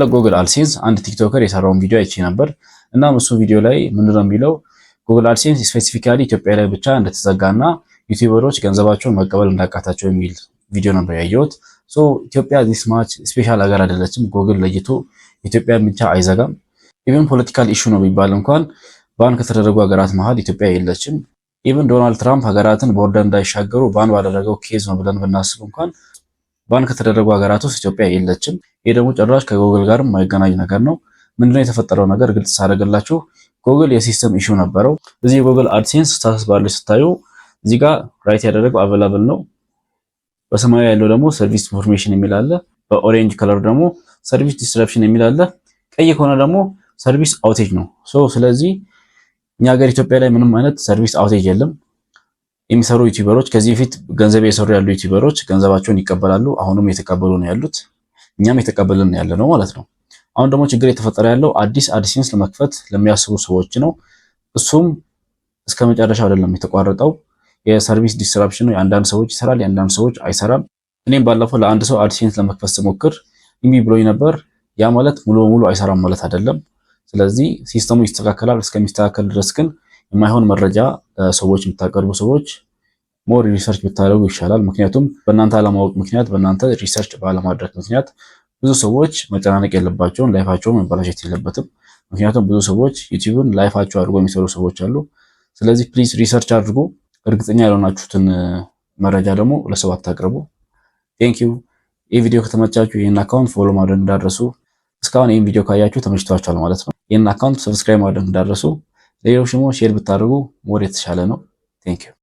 ለጎግል አድሴንስ አንድ ቲክቶከር የሰራውን ቪዲዮ አይቼ ነበር። እናም እሱ ቪዲዮ ላይ ምንድነው የሚለው ጎግል አድሴንስ ስፔሲፊካሊ ኢትዮጵያ ላይ ብቻ እንደተዘጋና ዩቲዩበሮች ገንዘባቸውን መቀበል እንዳቃታቸው የሚል ቪዲዮ ነበር ያየሁት። ሶ ኢትዮጵያ ዚስ ማች ስፔሻል ሀገር አይደለችም። ጎግል ለይቶ ኢትዮጵያ ብቻ አይዘጋም። ኢቨን ፖለቲካል ኢሹ ነው የሚባል እንኳን ባን ከተደረጉ ሀገራት መሀል ኢትዮጵያ የለችም። ኢቨን ዶናልድ ትራምፕ ሀገራትን ቦርደር እንዳይሻገሩ ባን ባደረገው ኬዝ ነው ብለን ብናስብ እንኳን ባን ከተደረጉ ሀገራት ውስጥ ኢትዮጵያ የለችም። ይህ ደግሞ ጭራሽ ከጎግል ጋር የማይገናኝ ነገር ነው። ምንድነው የተፈጠረው ነገር ግልጽ ሳደርግላችሁ ጎግል የሲስተም ኢሹ ነበረው። እዚህ የጎግል አድሴንስ ስታተስ ባር ላይ ስታዩ እዚህ ጋር ራይት ያደረገው አቬላብል ነው። በሰማያዊ ያለው ደግሞ ሰርቪስ ኢንፎርሜሽን የሚል አለ። በኦሬንጅ ከለር ደግሞ ሰርቪስ ዲስራፕሽን የሚል አለ። ቀይ ከሆነ ደግሞ ሰርቪስ አውቴጅ ነው። ሶ ስለዚህ እኛ ሀገር ኢትዮጵያ ላይ ምንም አይነት ሰርቪስ አውቴጅ የለም። የሚሰሩ ዩቲዩበሮች ከዚህ በፊት ገንዘብ የሰሩ ያሉ ዩቲዩበሮች ገንዘባቸውን ይቀበላሉ። አሁንም የተቀበሉ ነው ያሉት፣ እኛም የተቀበልን ያለ ነው ማለት ነው። አሁን ደግሞ ችግር የተፈጠረ ያለው አዲስ አድሴንስ ለመክፈት ለሚያስቡ ሰዎች ነው። እሱም እስከ መጨረሻ አይደለም የተቋረጠው። የሰርቪስ ነው። የአንዳንድ ሰዎች ይሰራል፣ የአንዳንድ ሰዎች አይሰራም። እኔም ባለፈው ለአንድ ሰው አድሴንስ ለመክፈት ስሞክር እምቢ ብሎኝ ነበር። ያ ማለት ሙሉ በሙሉ አይሰራም ማለት አይደለም። ስለዚህ ሲስተሙ ይስተካከላል። እስከሚስተካከል ድረስ ግን የማይሆን መረጃ ሰዎች የምታቀርቡ ሰዎች ሞር ሪሰርች ብታደርጉ ይሻላል። ምክንያቱም በእናንተ አለማወቅ ምክንያት በእናንተ ሪሰርች ባለማድረግ ምክንያት ብዙ ሰዎች መጨናነቅ የለባቸውን ላይፋቸውን መበላሸት የለበትም። ምክንያቱም ብዙ ሰዎች ዩቲዩብን ላይፋቸው አድርጎ የሚሰሩ ሰዎች አሉ። ስለዚህ ፕሊዝ ሪሰርች አድርጎ እርግጠኛ ያልሆናችሁትን መረጃ ደግሞ ለሰው አታቅርቡ። ቴንክ ዩ። ይህ ቪዲዮ ከተመቻችሁ ይህን አካውንት ፎሎ ማድረግ እንዳደረሱ እስካሁን ይህን ቪዲዮ ካያችሁ ተመችቷችኋል ማለት ነው። ይህን አካውንት ሰብስክራይብ ማድረግ እንዳደረሱ ሌሎች ደግሞ ሼር ብታደርጉ ወደ የተሻለ ነው። ዩ